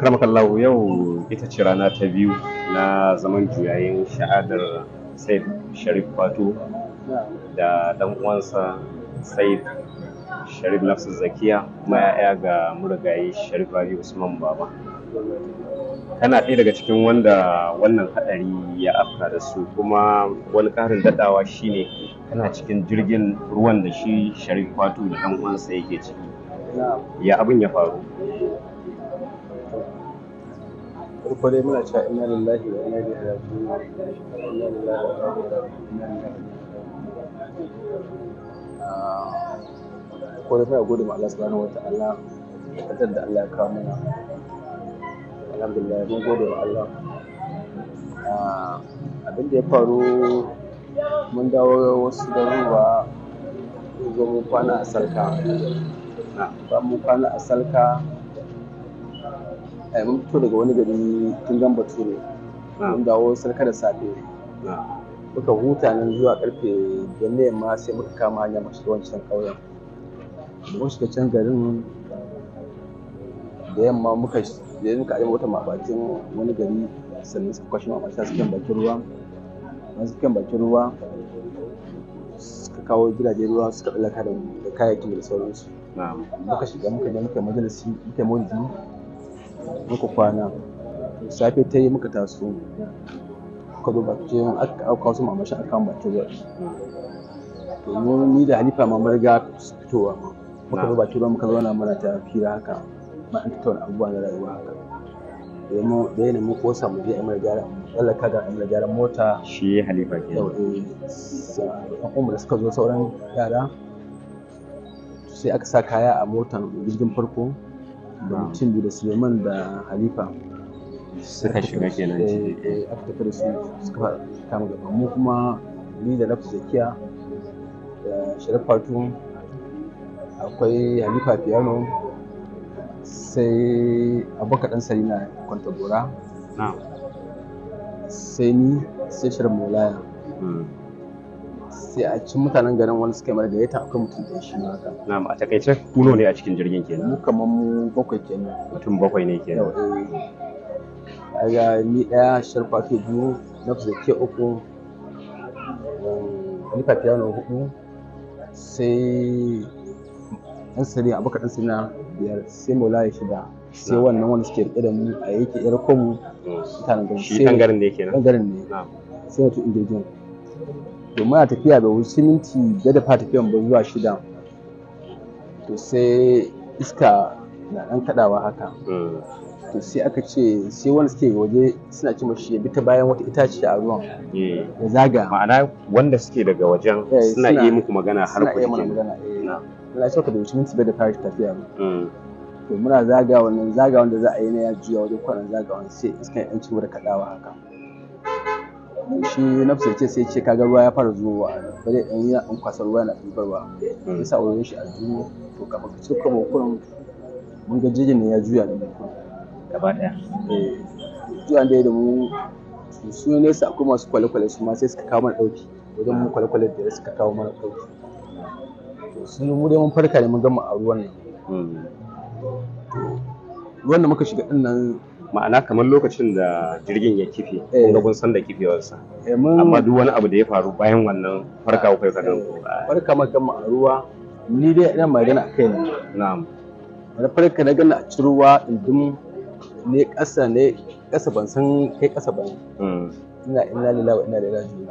karmakallahu yau ita ce rana ta biyu na zaman juyayin sha'adar said sharif fato da dan uwansa said sharif nafsu zakiya kuma ya'ya ga murigayi sharif ali usman baba kana ɗaya daga cikin wanda wannan haɗari ya afka da su kuma wani ƙarin daɗawa shine kana cikin jirgin ruwan da shi sharif fato da ɗan uwansa yake ciki ya abin ya faru duk kwarai muna cewa inna lillahi wa inna ilaihi raji'un inna lillahi wa inna ilaihi raji'un ah, kwarai muna gode ma Allah subhanahu wa ta'ala kadar da Allah ya kawo mana alhamdulillah mun gode wa Allah ah, abin da ya faru mun dawo wasu garuruwa zo mun kwana a salka ah, ba mun kwana a salka Eh, mun fito daga wani gari tun gan bature ah. mun dawo sarka da safe ah. muka huta nan zuwa karfe janne ma sai muka kama hanya mu shiga wancan ƙauyen mun shiga can garin da yamma muka je muka aje wata mabakin wani gari sannan suka kwashe a cikin bakin ruwa a cikin bakin ruwa suka kawo gidajen ruwa suka ɗalaka da kayayyakin da sauransu muka shiga muka je muka majalisi muka maulidi muka kwana safe ta yi muka taso muka zo bakin aka auka su mamashin aka kan bakin ruwa to ni da halifa ma marga fitowa ma muka zo ce ruwa muka zauna mana ta fira haka ba an tattauna abubuwa na rayuwa haka da yana mu kosa mu je a mara gyara ka ga mara gyara mota shi halifa ke yau an umar suka zo sauran yara sai aka sa kaya a motar jirgin farko da mutum da suleiman da halifa suka shiga kenan eh, ciki eh, aka tafi da su suka kama gaba mu kuma ni da lafi zakiya da sharif fatu akwai halifa piano sai abokan dan salina kwantagora sai ni sai sharif mulaya hmm. sai a cikin mutanen garin wani suka mara gayyata akwai mutum ɗaya shi haka na'am a takaice kuno ne a cikin jirgin kenan mu kamar mu bakwai kenan mutum bakwai ne kenan aga ni ɗaya sharfa ke biyu na ke uku ni na hudu sai ɗan a abokan ɗan sirri biyar sai ya shida sai wannan wani suke riƙe da mu a yake yar komu mutanen garin sai garin ne sai mutum individual domin muna tafiya da wasu minti da fa tafiyan ba zuwa shida to sai iska na ɗan kaɗawa haka to sai aka ce sai wanda suke waje suna ce mashi ya bi ta bayan wata itace a ruwan ya eh. zaga ma'ana wanda suke daga wajen eh, suna iya muku magana har ku suna iya magana eh. na ce ka bai wuce minti da fara tafiya ba mm. to muna zaga wannan zaga wanda za a yi na ya juya wajen kwanan zaga wani sai iska ya ɗan ci da kaɗawa haka shi nafsa ce sai ce kaga ruwa ya fara zuwa ba zai dan yana dan kwasar ruwa na tsibarwa hmm. ya sa wurin shi a juyo to kafa ka ce kuma kurin mun ga jirgin ne ya juya da mu gaba daya eh juyan da ya da mu su ne sa akwai masu kwale-kwale su ma sai suka kawo mana dauki wajen mu kwale-kwale da suka kawo mana dauki to sun mu dai mun farka ne mun gama a ruwan nan hmm. ruwan da muka shiga din nan ma'ana kamar lokacin da jirgin ya kife kuma eh. kun san da kifewarsa eh, amma duk wani abu da ya faru bayan wannan farka kai ka dan farka maka eh, ma ruwa ni dai ina magana kai ne na'am na farka na gana a cikin ruwa indum ne kasa ne kasa ban san kai kasa ba hmm. ina ina lillahi wa ina ilaihi raji'un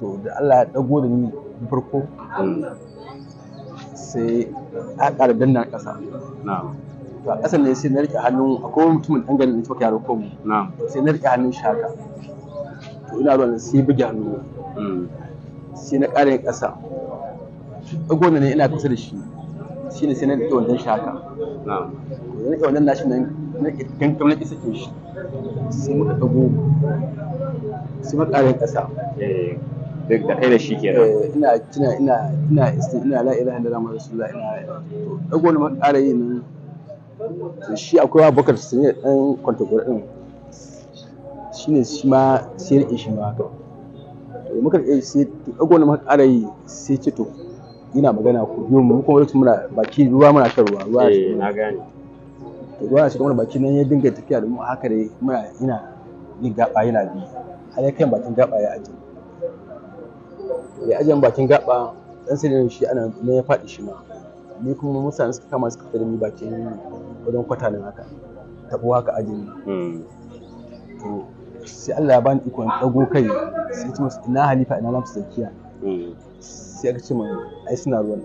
to da Allah ya dago da ni farko hmm. sai a ƙara danna ƙasa na'am to a ƙasan ne sai na rike hannun akwai mutumin dan ganin cikin yaro ko mu sai na rike hannun shaka to ina zuwa sai buge hannu mm sai na kare kasa ƙasa ɗagon ne ina kusa da shi shi ne sai na rike wannan shaka na'am to na rike wannan nashi nan na rike gangan na kisa ke shi sai muka dago sai muka kare kasa eh duk da kai da shi kenan ina ina ina ina ina la ilaha illallah muhammadu rasulullah ina to dago ne ƙara yin shi akwai abubakar sun yi ɗan kwantagwar ɗin shi ne shi ma sai riƙe shi ma To yi muka ɗaya, sai to ɗago wani maka ƙara yi sai ce to ina magana ku biyo mu kuma wata muna baki ruwa muna shan ruwa ruwa eh na gane to ruwa shi kuma baki nan ya dinga tafiya da mu haka dai muna ina yin gaba yana bi har ya kai bakin gaba ya aje ya aje bakin gaba dan sai shi ana ne ya faɗi shi ma ni kuma mutane suka kama suka fita da ni bakin wajen kwatanin haka tabo haka ajin hmm. to sai Allah ya bani ikon dago kai sai ce masa ina halifa ina lamsu zakiya hmm. sai aka ce mai ai suna ruwan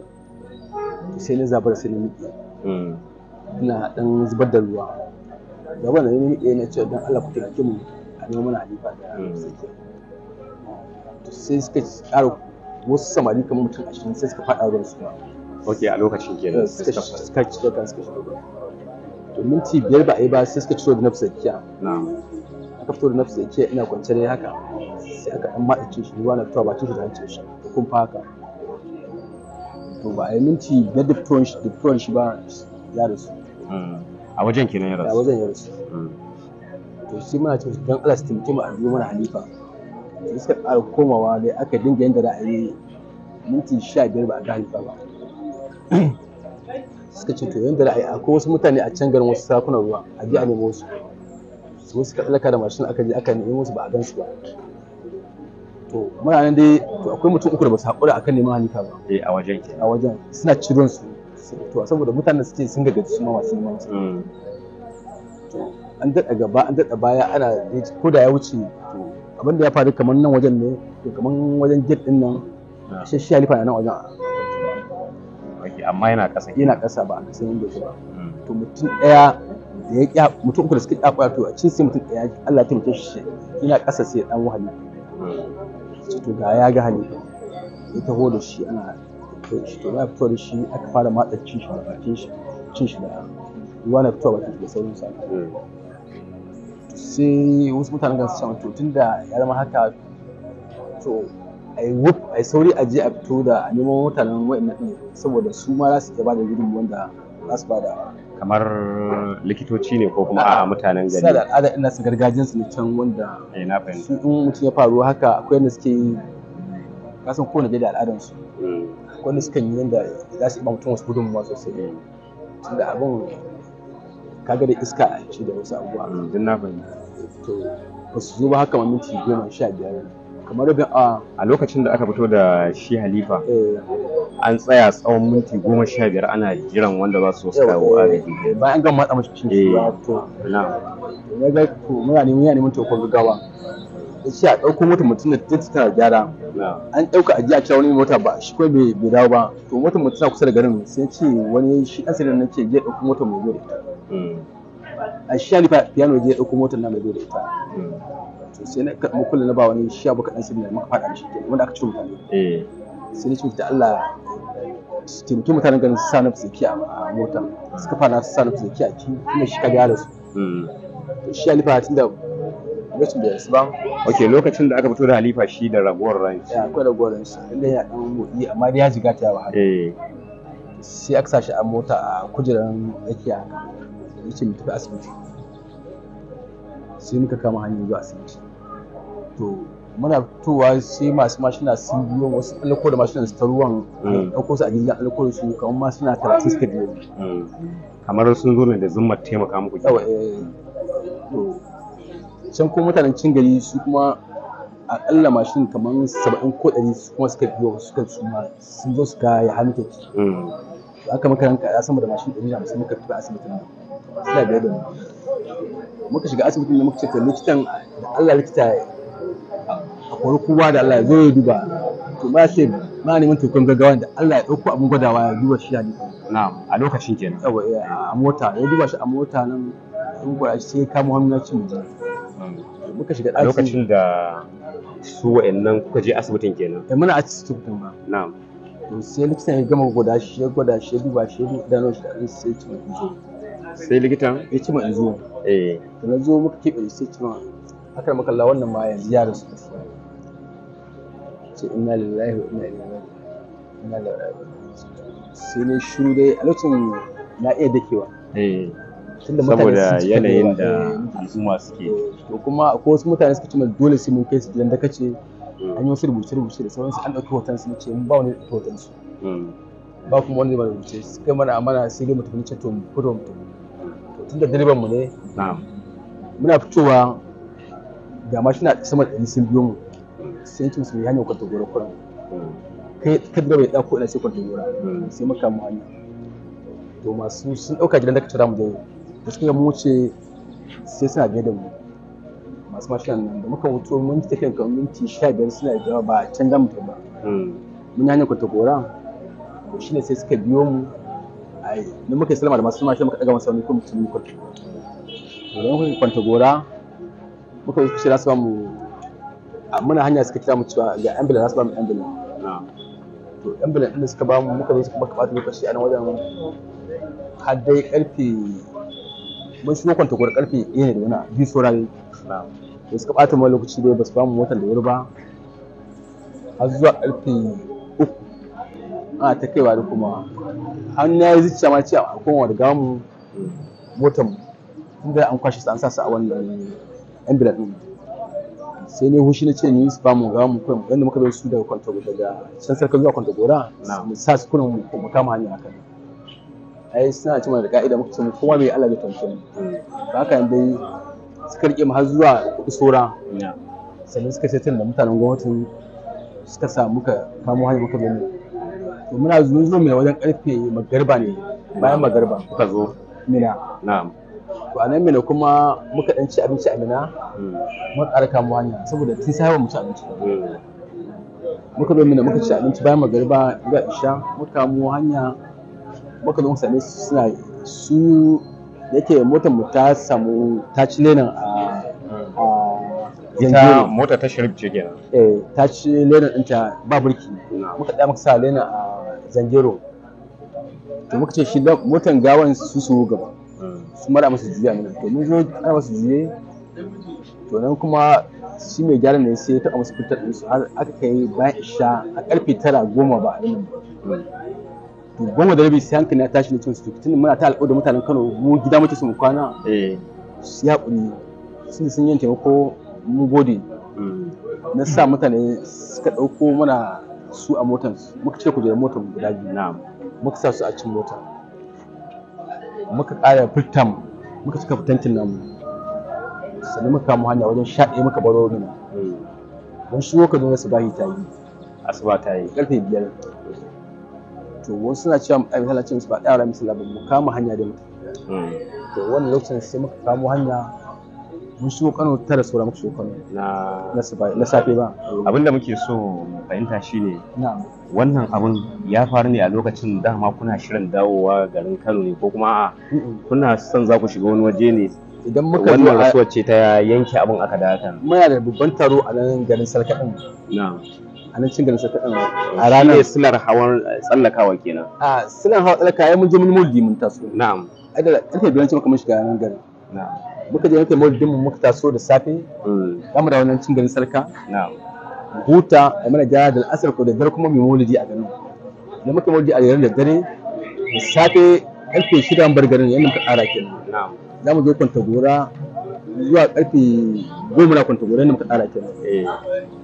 sai na zabar sai na miƙe hmm. ina dan zubar da ruwa da wannan ne miƙe na ce dan Allah ku taimake mu a nemo mana halifa da zakiya to sai suka ƙara wasu samari kamar mutum ashirin sai suka faɗa ruwan su ok a lokacin kenan eh, suka shiga suka shiga suka shiga to minti biyar ba a yi ba sai suka fito da nafsa tsakiya aka fito da nafsa tsakiya ina kwance ne haka sai aka dan ma ce shi ruwa na fitowa ba ce shi da hancin shi da kun fa haka to ba a yi minti biyar da fitowar shi ba ya rasu hmm. a wajen kenan ya rasu a wajen ya rasu hmm. to sai muna ce don Allah su taimake mu a biyu mana halifa sai suka ƙara komawa dai aka dinga yadda yi minti sha biyar ba a ga halifa ba suka ce to yanda ra'ayi akwai wasu mutane a can garin wasu sakunan ruwa a biya a nemo su su suka tsallaka da mashin aka je aka nemo su ba a gan su ba to mana nan dai to akwai mutum uku da ba su haƙura akan neman halifa ba eh a wajen ke a wajen suna ciron su to saboda mutanen suke sun gaggaji su ma masu neman su mm. to an daɗa gaba an daɗa baya ana ko da ya wuce to abin da ya faru kamar nan wajen ne to kamar wajen gate din nan ah. shi shi halifa na nan wajen amma yana ƙasa yana ƙasa ba a ƙasa yin goshi ba hmm. to mutum ɗaya da ya kya mutum uku da suka kyafa to a cin sai mutum ɗaya Allah ta mutum shi yana ƙasa sai ɗan wahali hmm. to ga ya ga hali ya taho da shi ana to shi to ya fito da shi aka fara matsa cin shi da bakin shi cin shi da ruwa na fitowa bakin shi da sauran sa hmm. sai wasu mutanen ga su ce to tunda ya zama haka to a yi wuf a yi sauri a je a fito da a neman mutanen wa'annan ɗin saboda su ma za su iya bada gudun wanda za su bada kamar likitoci ne ko kuma a mutanen gari sai al'ada ina su gargajiyan su ne can wanda eh na fahimta in mutum ya faru haka akwai wanda suke yi kasan kowane da al'adan su hmm. akwai wanda suke yi yanda za su ba mutum wasu gudunmuwa sosai hmm. tunda abin kaga da iska a ci da wasu abubuwa. Hmm, Dun na fahimta. To, ba su zo ba haka ma minti goma sha biyar kamar rubin a lokacin da aka fito da shi halifa eh. an tsaya tsawon minti goma sha biyar ana jiran wanda za su wasu kawo agaji eh, bayan gama matsa mashi shi eh, to na ya ga to muna neman ya neman tokon gaggawa ya ce a ɗauko mota mutum da ta tana gyara an ɗauka ajiya a kira wani mota ba shi kawai bai dawo ba to motar mutum tana kusa da garin sai ce wani shi asirin na ce je ɗauko motar mai zo da ita hmm. a shi halifa piano je ɗauko motar na mai zo da ita hmm. to sai na karɓi kullum na ba wani sha baka ɗan sirri muka faɗa shi wanda aka ciro mutane eh. sai na ce mutane. Allah su taimaki mutanen ganin su sanu zaki a mota suka fara su sanu zaki a kin shi ka gyara su hmm. shi halifa tun da lokacin da yasu ba ok lokacin da aka fito da halifa shi da ragowar ransu ya akwai ragowar ransu inda ya ɗan motsi amma dai ya jiga ta yawa eh. sai aka sa shi a mota a kujeran tsakiya ya ce mu tafi asibiti sai muka kama hanyar zuwa asibiti to muna fitowa sai masu mashina sun biyo wasu alko da mashina su ta ruwan mm. ɗauko su a jirgin alko da su kamar ma suna talatin suka biyo mm. kamar sun zo ne da zumar taimaka muku yawa eh, can ko mutanen cin gari su kuma akalla mashin kamar saba'in ko ɗari su kuma suka biyo kan su ma sun zo suka ya hannu ta ci mm. aka maka ranka ya sama da mashin ɗari da musamman muka tafi asibitin nan suna biyar da mu muka shiga asibitin da muka ce ta likitan da allah likita a kori kowa da Allah zai duba to ba sai na neman taimakon gaggawa da Allah ya dauko abin gwadawa ya duba shi a ne na'am a lokacin kenan yawa eh, a mota ya duba shi a mota nan in gwada shi sai ka hannu na cin muka shiga lokacin da su wa'annan kuka je asibitin kenan eh muna asibitin ba na'am to sai likitan ya gama gwada shi ya gwada shi ya duba shi ya duba dano shi da sai ya ci mutum sai likitan ya ci mutum eh to na zo muka keɓe sai ci mutum haka makalla wannan ma yanzu ya rasu ce inna lillahi wa ina ilaihi raji'un sai ne shuru dai a lokacin na iya dakewa eh, saboda yanayin da eh, al'umma suke to kuma ko wasu mutane suka ce dole sai mun kai su gidan da ce hmm. an yi wasu rubuce-rubuce da sauransu an ɗauki hoton su ce mun ba wani hoton su hmm. ba kuma wani ba rubuce su kai mana amana sai dai mutum ce to mu fito mutum to tunda direban mu ne muna fitowa ga mashina sama da sun biyo mu sai yake musulmi hanyar kwanta gora kuran hmm. kai ka ga bai dako ina sai kwanta gora hmm. sai muka mu hanya to masu sun dauka gidan da ka tura mu je da suka mu wuce sai suna biye da mu masu mashin nan da muka wuto mun ta kan kan minti 15 suna jawa ba a can za ta ba hmm. mun hanyar kwanta gora to shine sai suka biyo mu ai mun muka sallama da masu mashin muka daga masa wani kuma mutum kwanta gora muka wuce sai za su ba mu muna hanya suka kira mu cewa ga ambulance za su ba mu ambulance to ambulance din suka ba mu muka zo suka baka bata lokaci a nan wajen har dai karfe mun shi kwanta gwar karfe 1 ne da wani biyu saurari da suka bata mu lokaci dai ba su ba mu motar da wuri ba har zuwa karfe uku a ta kaiwa da kuma har na yi zuciya ma ce a kowa da gamu motar mu tunda an kwashe sa, an sa su a wannan ambulance din sai ne hushi na ce ni ba mu ga mu kai wanda muka zo su daga kwantago daga can sarkar zuwa gora, mu sa su kuna mu kama hanya akan ai suna cewa da ka'ida muka ce mu kowa bai Allah bai tantance ba haka yan dai suka rike mu har zuwa kusura sannan suka ce tun da mutanen gwamnatin suka sa muka kamo hanya muka gani to muna zuwa mai wajen karfe magarba ne bayan magarba kuka zo mina na'am to a nan mina kuma muka dan ci abinci a mina hmm. mun ƙara kamuwa hanya saboda tun sai mu ci abinci hmm. muka zo mina muka ci abinci bayan magariba ga isha muka kamo hanya muka zo same ne suna su yake motar mu ta samu ta ci lenan a ita mota ta shirif ce kenan eh ta ci lenan ɗinta ba burki hmm. muka da muka sa lenan a zangero to muka ce shi motan gawan su su gaba su mara masu juya ne to mun zo ana masu juye to nan kuma shi mai gyara ne sai ya taɓa masu fitar su har aka yi bayan isha a ƙarfe tara goma ba a nan to goma da rabi sai hankali ya tashi ne cin su tun muna ta alƙawar da mutanen kano mu gida muke su mu kwana eh. su ya ƙuri sun sun yin taimako mu gode hmm. na sa mutane suka ɗauko mana su a motansu muka ku je motar guda biyu muka sa su a cin motar muka ƙara fitam muka cika fitantin namu sannan muka kama hanya wajen sha ɗaya muka baro wani don eh, shi woka nuna su bahi ta yi asuba ta yi ƙarfe biyar to wani suna cewa a misalacin su ba ɗaya ra misala mu kama hanya da mutum to wani lokacin sai muka kamo hanya mun shigo Kano tara saura muka shigo Kano na safe ba abinda muke so fahimta fahimta shine wannan abin ya faru ne a lokacin dama kuna shirin dawowa garin Kano ne ko kuma kuna son za ku shiga wani waje ne idan muka wannan rasuwar ce ta yanke abin aka da haka muna da babban taro a nan garin Sarkaɗin a nan cin garin Sarkaɗin a ranar silar hawan tsallakawa kenan a silar hawan tsallakawa mun je mun mulki mun taso na'am ai da ƙarfe biyar ce muka mun shiga nan garin na'am muka je muka maulidin mu muka taso da safe hmm. mu da wannan cin garin sarka huta a mana gyara da asar ko da dare kuma mu maulidi a garin da muka maulidi a garin da dare da safe karfe shida bar garin yanda muka ƙara kenan mu zo kwanta gora zuwa karfe goma na kwanta gora yanda muka ƙara kenan eh.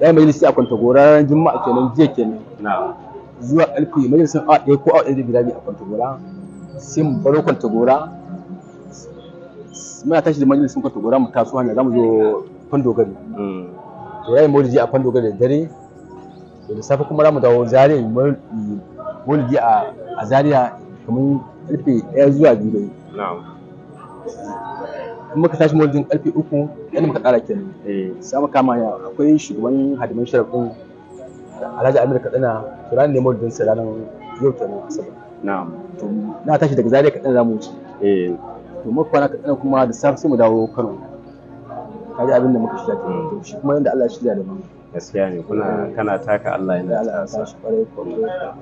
yi majalisi a kwanta gora ran juma'a kenan jiya kenan zuwa karfe majalisin a ɗaya ko a ɗaya da birabi a kwanta gora sai mu baro kwanta gora muna tashi da majalisin kwato gora mu taso hanya zamu zo fandogari mm. to yayin maulidi a fandogari da dare to da safe kuma zamu dawo zariya maulidi a a zariya kamar karfe 1 zuwa 2 na'am kuma ka tashi maulidin karfe 3 yana muka tsara kenan eh sai muka kama ya akwai shugaban hadimin sharafin Alhaji Amir Katsina to ranar ne maulidin sa ranar yau kenan asabar na'am to na tashi daga zariya katsina zamu wuce eh to mu kwana kaɗan kuma da safe sai mu dawo Kano kaji abin da muka shirya kenan to shi kuma yanda Allah ya shirya da mu gaskiya ne kuna kana taka Allah yana taka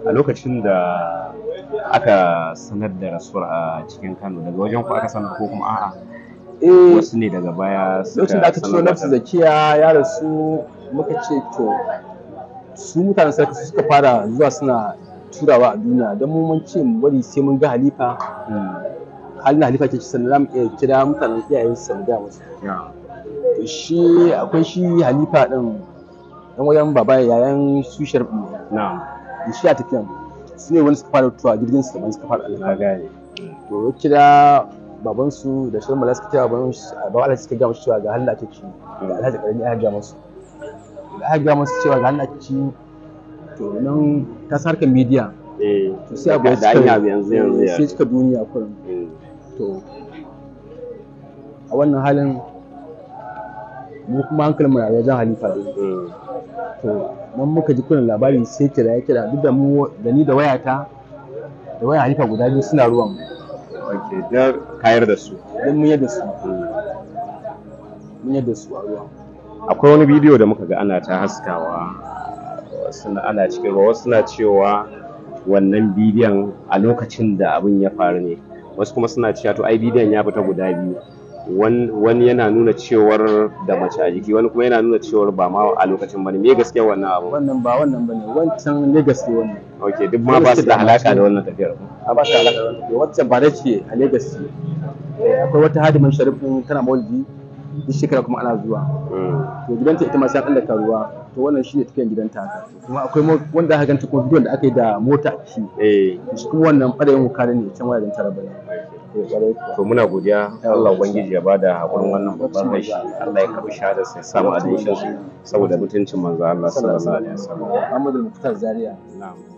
a lokacin da aka sanar da rasuwar a cikin Kano daga wajen ku aka sanar ko kuma a'a eh, wasu ne daga baya suka lokacin da aka ciro nafsu zakiya ya rasu muka ce to su mutanen sarki suka fara zuwa suna turawa a duniya don mu mun ce mu bari sai mun ga halifa hmm. halin halifa ke ci sannan mu kira mutanen iyayen su mu gaya musu to shi akwai shi halifa din dan wajen baba yayan su sharbi na'am shi a tafiyan su ne wani suka fara tuwa jirgin su kamar suka fara alfa to ya kira baban su da shirin mala suka kira baban su Allah alhaji suka gama cewa ga halin ake ci da alhaji karami ya ga su da aka ga musu cewa ga Allah ci to nan ta sarkar midiya eh. to sai yanzu. Sai suka duniya kurum eh. to a wannan halin mu kuma hankali mu na halifa ne to nan muka ji kullum labarin sai kira ya kira duk da mu da ni da wayata da waya halifa guda biyu suna ruwan mu okay da kayar da su don mun yadda su mun yadda su a ruwa akwai wani bidiyo da muka ga ana ta haskawa suna ana cikin ruwa suna cewa wannan bidiyon a lokacin da abin ya faru ne wasu kuma suna cewa to ai bidiyon ya fita guda biyu wani yana nuna cewar da mace a jiki wani kuma yana nuna cewar ba ma a lokacin bane me gaskiya wannan abu wannan ba wannan bane wancan ne gaske wannan oke duk ma ba su da alaka da wannan tafiyar a ba su da alaka da wannan wancan ba da ce a Lagos eh, akwai wata hadimin sharifin tana maulidi duk shekara kuma ana zuwa mm. to gidanta ita ma sai an ruwa to wannan shine tafiyan gidan ta kuma akwai wanda aka ganta kuma bidiyon da aka yi da mota shi eh shi kuma wannan ɓarayin wukari ne can wayar tara bane to muna godiya Allah ubangiji ya bada hakurin wannan babban rashi Allah ya karbi shahada sai sa mu shi saboda mutuncin manzo Allah sallallahu alaihi wasallam Muhammadu Muftar Zaria na'am